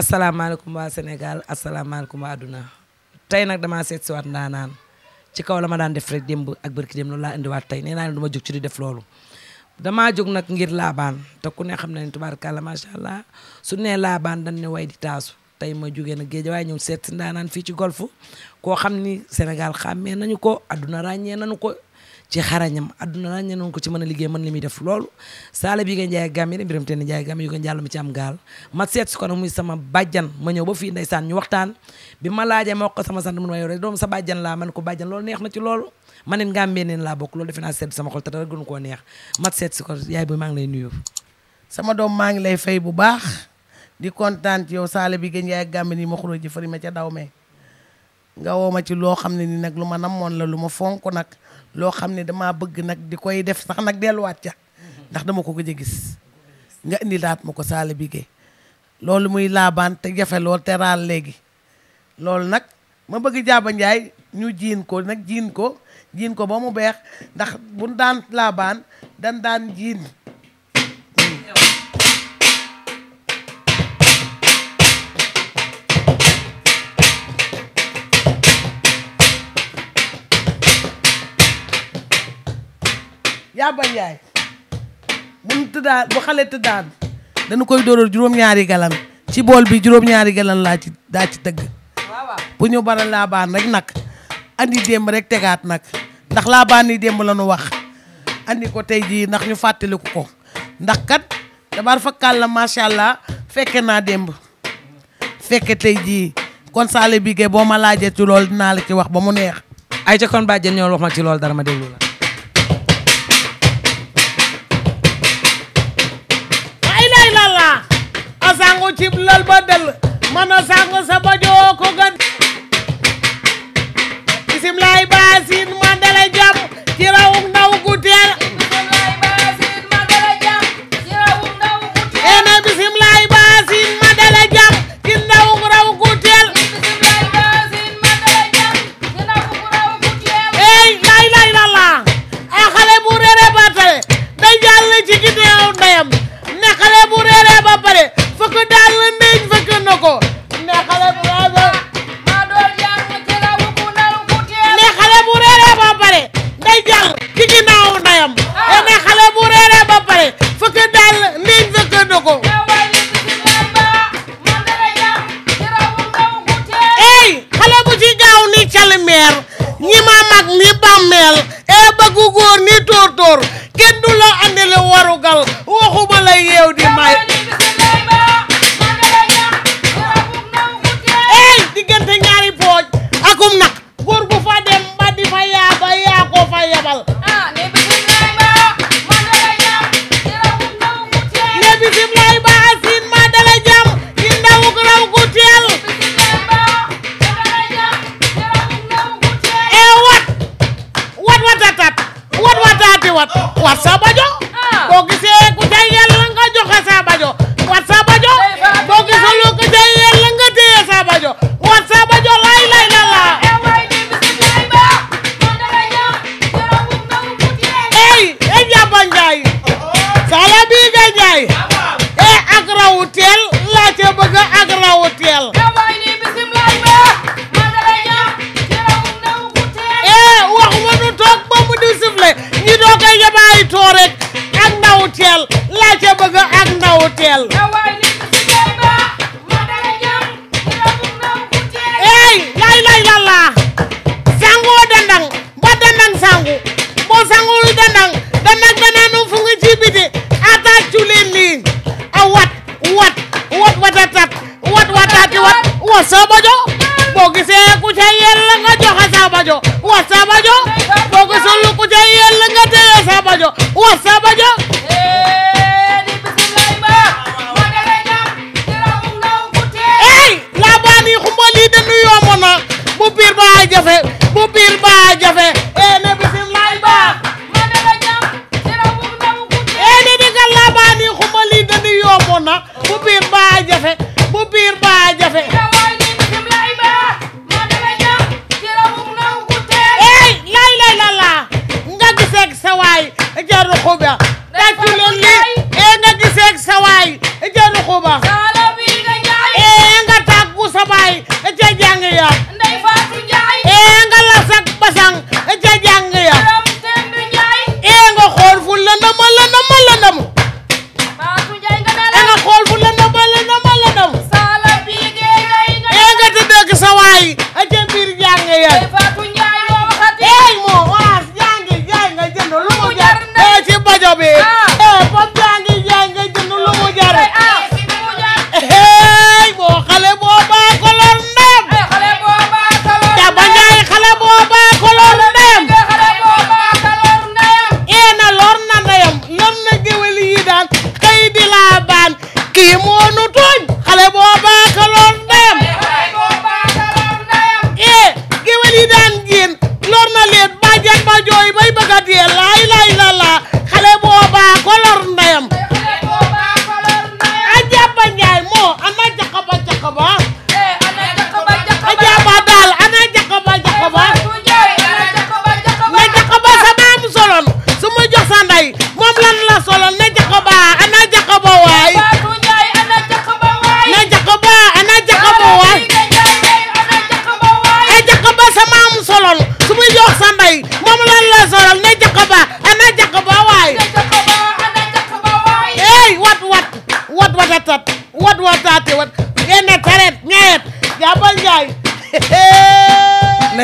asalaamaaleykum waa Sénégal asalaamaaleykum waa àdduna tey nag damaa seet si waat ndaanaan ci kaw la ma daan def rek démb ak barki démb loolu laa indiwaat tey nee naa ne ma jóg ci di def loolu damaa jóg nag ngir laabaan te ku ne xam na ne tubaarkàlla macha allah su nee laabaan dañ ne way di taasu tey ma jógee na géej waaye ñëw seet si ndaanaan fii ci golfu koo xam ni Sénégal na nañu ko àdduna ràññee nañu ko ci xarañam adduna la ñenoon ko ci mën a liggéey man mën li muy def loolu saala bi nga njaay gàmmi de mbiram te ni njaay gàmmi yu ko njàllu mi ci am gaal ma seet si a nag muy sama bàjjan ma waxtaan bi ma laajee ma ko sama sant mun ma yow rek doom sa bàjjan laa man ko bàjjan loolu neex na ci loolu ma neen bokk loolu defe naa sedd sama ko te dara gënu koo neex ma seet si ko yaay bi maa ngi lay nuyu sama doom maa ngi lay fay bu baax di kontaan yow saala bi nga njaay gàmmi ni ma xuró ji fari ma ca daw mee nga woo ma ci loo xam ne ni nag lu ma namoon la lu ma fonk nag loo xam ne dama bëgg nag di koy def sax nag delluwaat ca ndax dama ko gëj gis nga indi laat ma ko saala bigee loolu muy laabaan te jafe lool te raal léegi loolu nag ma bëgg jaaba ñu jiin ko nag jiin ko jiin ko ba mu beex ndax bu daan laabaan dan daan jiin yaa bañ yaay bu tëddaan bu xale tëddaan dañu koy dóoral juróom-ñaari galan ci bool bi juróom-ñaari galan laa ci daa ci dëgg bu ñu baral laa baan rek nag andi démb rek tegaat nag ndax laa baan ni démb la ñu wax andi ko tey jii ndax ñu fàttaliku ko ndax kat dabar fakkaal la macha allah fekke naa démb fekke tey jii kon Saliou Bigué boo ma laajee ci lool dinaa la ci wax ba mu neex ay ca kon bàjjen ñoo wax ma ci lool dara ma déglu la ñëw cib lal ba dell mën a sàng sa bajoo ko gan bismilaay baasin ma dala jàmm ci rawum ndaw gu teel bismilaay baasin ma dala jàmm ci rawum ndaw gu teel nee na bismilaay baasin ma dala jàmm ci ndaw raw gu teel bismilaay baasin ma dala jàmm ci ndaw raw gu teel ey laay laay la laa ay xale bu réeree ba tale day jàll ci ginnaaw ndeyam ne xale bu réeree ba pare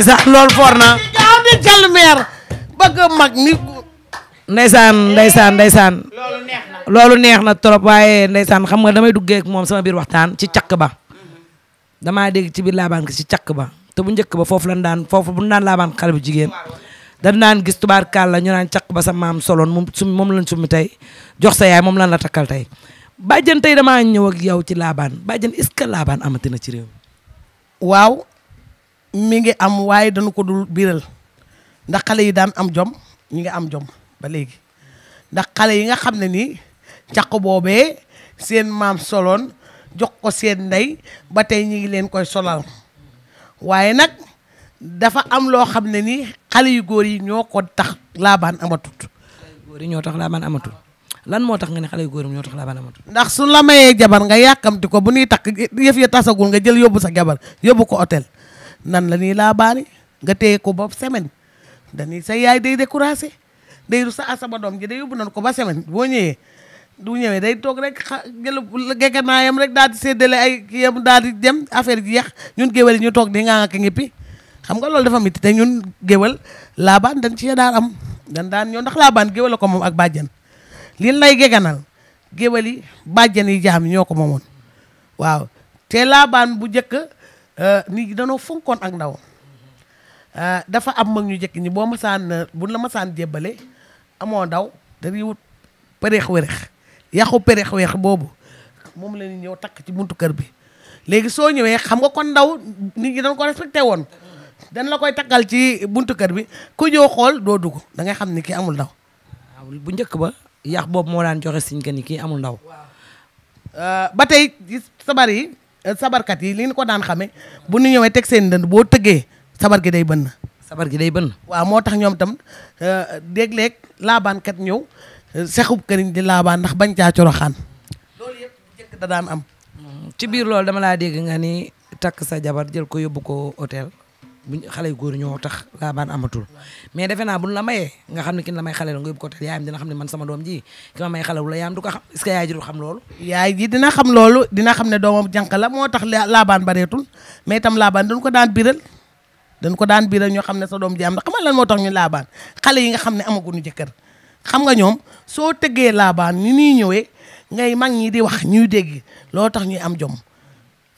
ndeysaan loolu foor na daa di jàll meer mag ni ndeysaan ndeysaan ndeysaan loolu neex na trop waaye ndeysaan xam nga damay duggeek moom sama biir waxtaan ci càkk ba damaa dégg ci biir laabaan ci càkk ba te bu njëkk ba foofu lan daan foofu bu daan laabaan xale bu jigéen dañ naan gis tubaarkàlla ñu naan càkk ba sa maam soloon moom sumi moom lañ summi tey jox sa yaay moom lan la takkal tey bàjjan tey damaa ñëw ak yow ci laabaan bàjjan est-ce que laabaan amati na ci réew mi ngi am waaye dañu ko dul biiral ndax xale yi daan am jom ñi ngi am jom ba léegi ndax xale yi nga xam ne nii caq boobee seen maam soloon jox ko seen ndey ba tey ñi ngi leen koy solal waaye nag dafa am loo xam ne nii xale yu góor yi ñoo ko tax laabaan amatut. xale yu góor yi ñoo tax laabaan amatut lan moo tax nga ne xale yu góor yi ñoo tax laabaan amatut. ndax su la mayee jabar nga yàkkamti ko bu ñuy takk yëf ya tasagul nga jël yóbbu sa jabar yóbbu ko hôtel. nan la ñuy laabaane nga tey ko ba semaine dañuy sa yaay day découragé day ru sa asaba doom ji day yóbbu nan ko ba semaine boo ñëwee du ñëwee day toog rek xa jël gegenaayam rek daal di séddale ay kiyam daal di dem affaire ji yeex ñun géwél yi ñu toog di nga nga ngippi xam nga loolu dafa métti te ñun géwél laabaan dañ ci daan am dañ daan ñëw ndax laabaan géwél la ko moom ak bàjjen lin lay geganal géwél yi bàjjen yi jaam ñoo ko moomoon waaw te laabaan bu njëkk Euh, nit ñi danoo fonkoon ak ndaw euh, dafa am mag ñu jëkk ñi boo masaan bu la masaan jébbale amoo ndaw dañuy wut përeex werex yàqu përeex boobu moom la ñuy ñëw takk ci buntu kër bi léegi soo ñëwee xam nga kon ndaw nit ñi dañ ko respecté woon dañ la koy takkal ci buntu kër bi ku ñëw xool doo dugg da ngay xam ni kii amul ndaw waaw bu njëkk ba yàq boobu moo daan joxe siñ que ni kii amul ndaw euh, ba tey sabar yi Eh, sabarkat yi li ko daan xame bu ñu ñëwee teg seen dënd boo tëggee sabar gi day bënn. sabar gi day bënn. waaw moo tax ñoom tam eh, léeg-léeg laabaankat ñëw eh, sexub këriñ di laabaan ndax bañ caa coroxaan am. Mm, ci biir loolu dama laa dégg nga ni takk sa jabar jël ko yóbbu ko hôtel. buñ xale yu góor ñoo tax laabaan amatul mais defe naa buñ la mayee nga xam ne kin la may xale la nga yóbbu ko te ne man sama doom may xale wu la yaayam du ko xam est-ce que yaay ji du loolu yaay ji dina xam loolu dina xam ne doomam jànq la moo tax laabaan bareetul mais tam laabaan dañ ko daan biral dañ ko daan biral ñoo xam ne sa doom ji am na xamal lan moo tax ñu laabaan xale yi nga xam ne amaguñu jëkkër xam nga ñoom soo tëggee laabaan ni ñuy ñëwee ngay mag ñii di wax ñuy dégg loolu tax ñuy am jom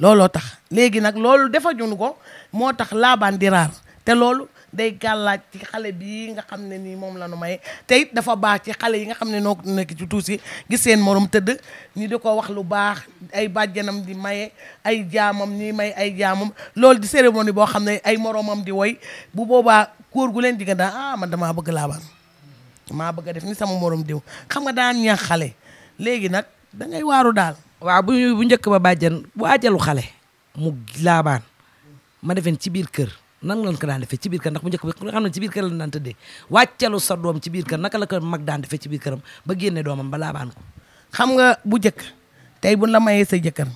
looloo tax léegi nag loolu defa defajuñu ko moo tax laabaan di raar te loolu day gàllaaj ci xale bii nga xam ne nii moom la nu may te it dafa baax ci xale yi nga xam ne noo ki ci tuusi gis seen morom tëdd ñu de koo wax lu baax ay bàjjanam di maye ay jaamam ñuy may ay jaamam loolu di cérémonie boo xam ne ay moromam di woy bu boobaa góor gu leen jigéen daa ah man damaa bëgg laabaan maa bëgg def ni sama morom diw xam nga daan ñaax xale léegi nag dangay waaru daal waaw bu bu njëkk ba bàjjan bu àjjalu xale mu laabaan ma defen ci biir kër na lañ ko daan defee ci biir kër ndax bu njëkk bi nga xam ne biir kër lañ daan tëddee wàccalu sa doom ci biir kër naka la ko mag daan defee ci ba génne doomam ba laabaan ko xam nga bu njëkk tey bu la mayee sa jëkkër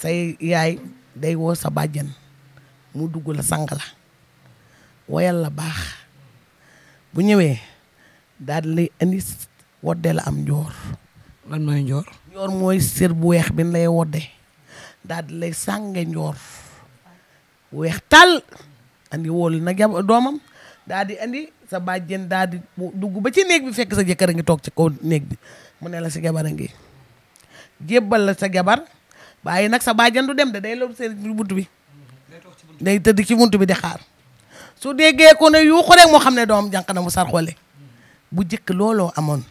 say yaay day woo sa bàjjan mu dugg la sang la woyal baax bu ñëwee daal lay indi woddee am njoor lan mooy njoor njoor mooy sér bu weex bi lay wodde daal di lay sànge njoor weex tal andi wool na jab doomam daal di andi sa bàjjen daal di dugg ba ci néeg bi fekk sa jëkkër a ngi toog ci kaw néeg bi mu ne la sa jabar a ngi jébbal la sa jabar waaye nag sa bàjjen du dem de day loolu seen bunt bi tëdd ci bunt bi di xaar su déggee ko ne yuuxu moo xam ne doom jànq na mu sar xoole bu jëkk looloo amoon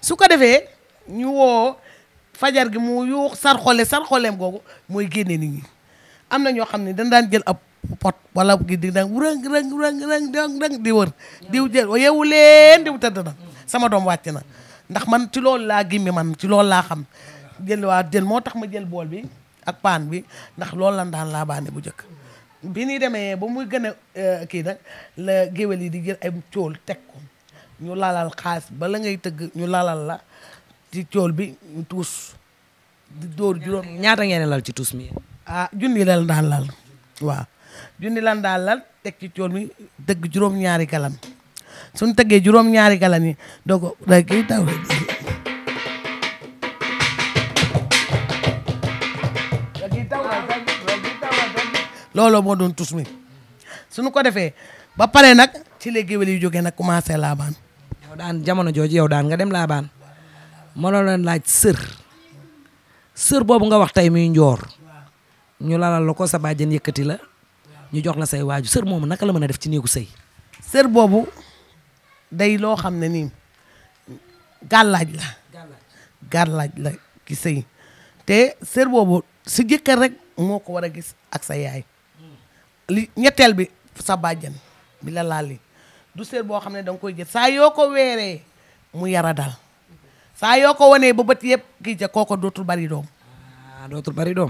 su ko defee ñu woo fajar gi mu yuux sarxole sarxoleem googu mooy génne nit ñi am na ñoo xam ne dañ daan jël ab pot wala gi di daan rëng rëng rëng rëng rëng di wër diw jël yeewu leen diw tëdd na sama doom wàcc na ndax man ci loolu laa gimmi man ci loolu laa xam jël waa jël moo tax ma jël bool bi ak paan bi ndax loolu lan daan laa baane bu njëkk bi ñuy demee ba muy gën a eh, kii nag la géwél yi di jël ay cóol teg ko ñu lalal xaalis bala ngay tëgg ñu laalal la ci cool bi ñu tuus dóor juróom ñaata ngeen lal ci tuus mi ah junni lal daan lal junni lan daan lal teg ci cool mi dëgg juróom-ñaari galan suñ tëggee juróom-ñaari galan yi dooko day kii looloo moo doon tus mi suñu ko defee ba pare nag ci léegi géwél yu jóge nag commencé laabaan yow daan jamono jooju yow daan nga dem laabaan ma la laaj sër sër boobu nga wax tey muy njoor ñu lalal la ko sa bàjjen yëkkati la ñu jox la say waaju sër moomu nag la mën a def ci néegu sey sër boobu day loo xam ne nii gàllaaj la gàllaaj la ki sëy te sër boobu si jëkkër rek moo ko war a gis ak sa yaay ñetteel bi sa bàjjan bi la laal li du sër boo xam ne danga koy jël saa yoo ko weeree mu yara dal saa yoo ko wanee ba bët yëpp kii ca kooko dootul bari doom ah dootul bari doom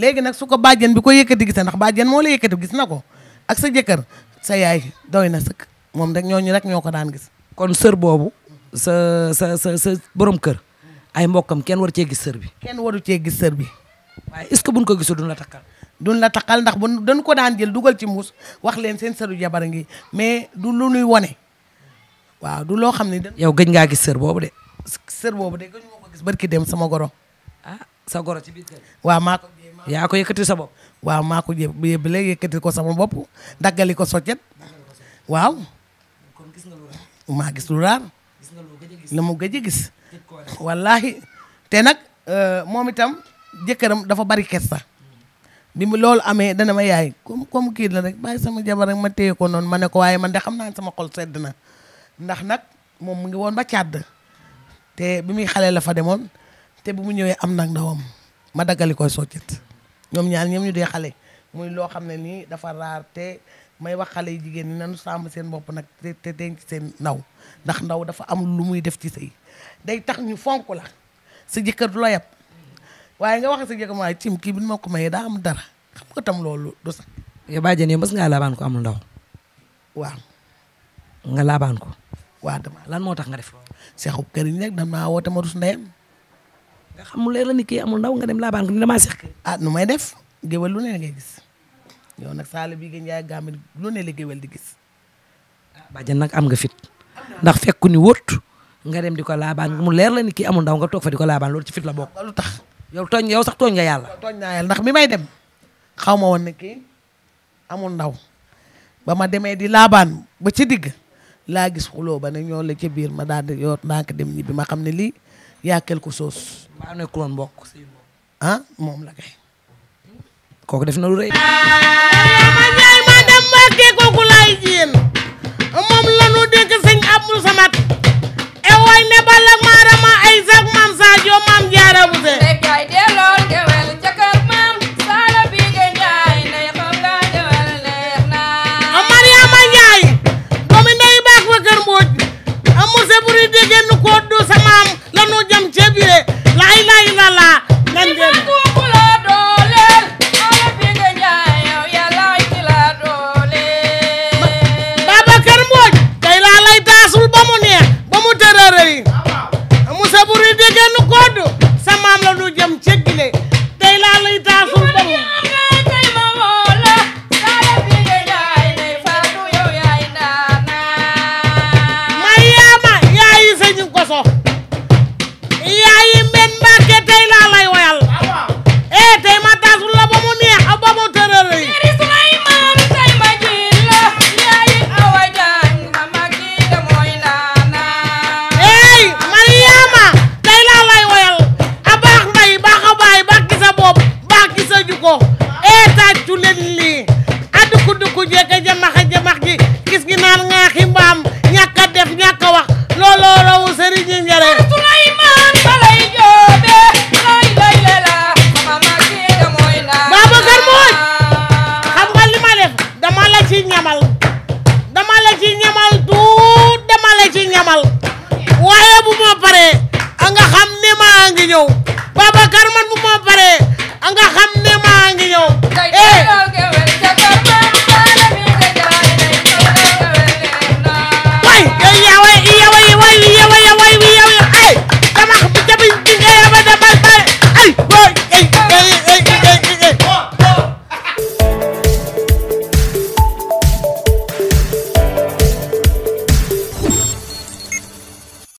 léegi nag su ko bàjjen bi ko yëkkati gis ndax bàjjen moo la yëkkati gis na ko ak sa jëkkër sa yaay doy na sëkk moom rek ñooñu rek ñoo ko daan gis kon sër boobu sa sa sa sa borom kër ay mbokkam kenn war cee gis sër bi kenn waru cee gis sër bi waaye est-ce que ko gisul la takkal duñ la takkal ndax bu dañ ko daan jël dugal ci mbuus wax leen seen sëru jabar ngi mais du lu nuy wone waaw du loo xam ne yow gëj ngaa gis sër boobu de sër boobu de gëj moo ko gis dem sama goro. ah sa goro ci biir kër. waaw maa yaako yaa yëkkati sa bopp. waaw maako ko yëb bi ko sama bopp daggali ko soccet. waaw. kon gis nga lu raar. maa gis gis nga lu gëj gis la mu gëj a gis. wallaahi te nag euh, moom itam jëkkëram dafa bari kersa. bi mu loolu amee dana ma yaay kom comme kii la rek bàyyi sama jabar rek ma téye ko noonu ma ne ko waaye man de xam naa sama xol sedd na ndax nag moom mu ngi woon ba càdd. te bi muy xale la fa demoon te bu mu ñëwee am nag ndawam ma daggali koy soccet ñoom ñaar ñoom ñu dee xale muy loo xam ne nii dafa raar te may wax xale yu jigéen ñi nanu sàmm seen bopp nag te te denc seen ndaw ndax ndaw dafa am lu muy def ci sëy day tax ñu fonk la sa jëkkër du la yab waaye nga wax sa jëkkër mooy cim kii bi ma ko mayee daa am dara xam nga tam loolu du sax. yow bàjjen yow mës ngaa laabaan ko amul ndaw. waaw. nga laabaan ko. waa dama lan moo tax nga def. seexu kër yi nag dama maa woote ma rus ndeyam. nga xam mu leer la ni kii amul ndaw nga dem laabaan ko ni damaa ah, nu may def géwél lu ne ngay gis yow nag saala bii nga njaay gàmmi lu ne di gis. Ah, nag am nga fit ndax fekku ni wóot nga dem di ko laabaan mu leer la ni kii amul ndaw nga toog fa di ko laabaan loolu ci fit la bokk. lu tax yow tooñ yow sax nga yàlla. tooñ naa yàlla ndax mi may dem xaw ma woon ne kii amul ndaw ba ma demee di laabaan ba ci digg laa gis xuloo ba ne ñoo la ca biir ma daal di yor ndànk dem ñibbi ma xam ne lii yaa quelque chose. maa ah, moom la kay. kooku def na lu rëy. ma dem kooku laay jéem. ngi ñëw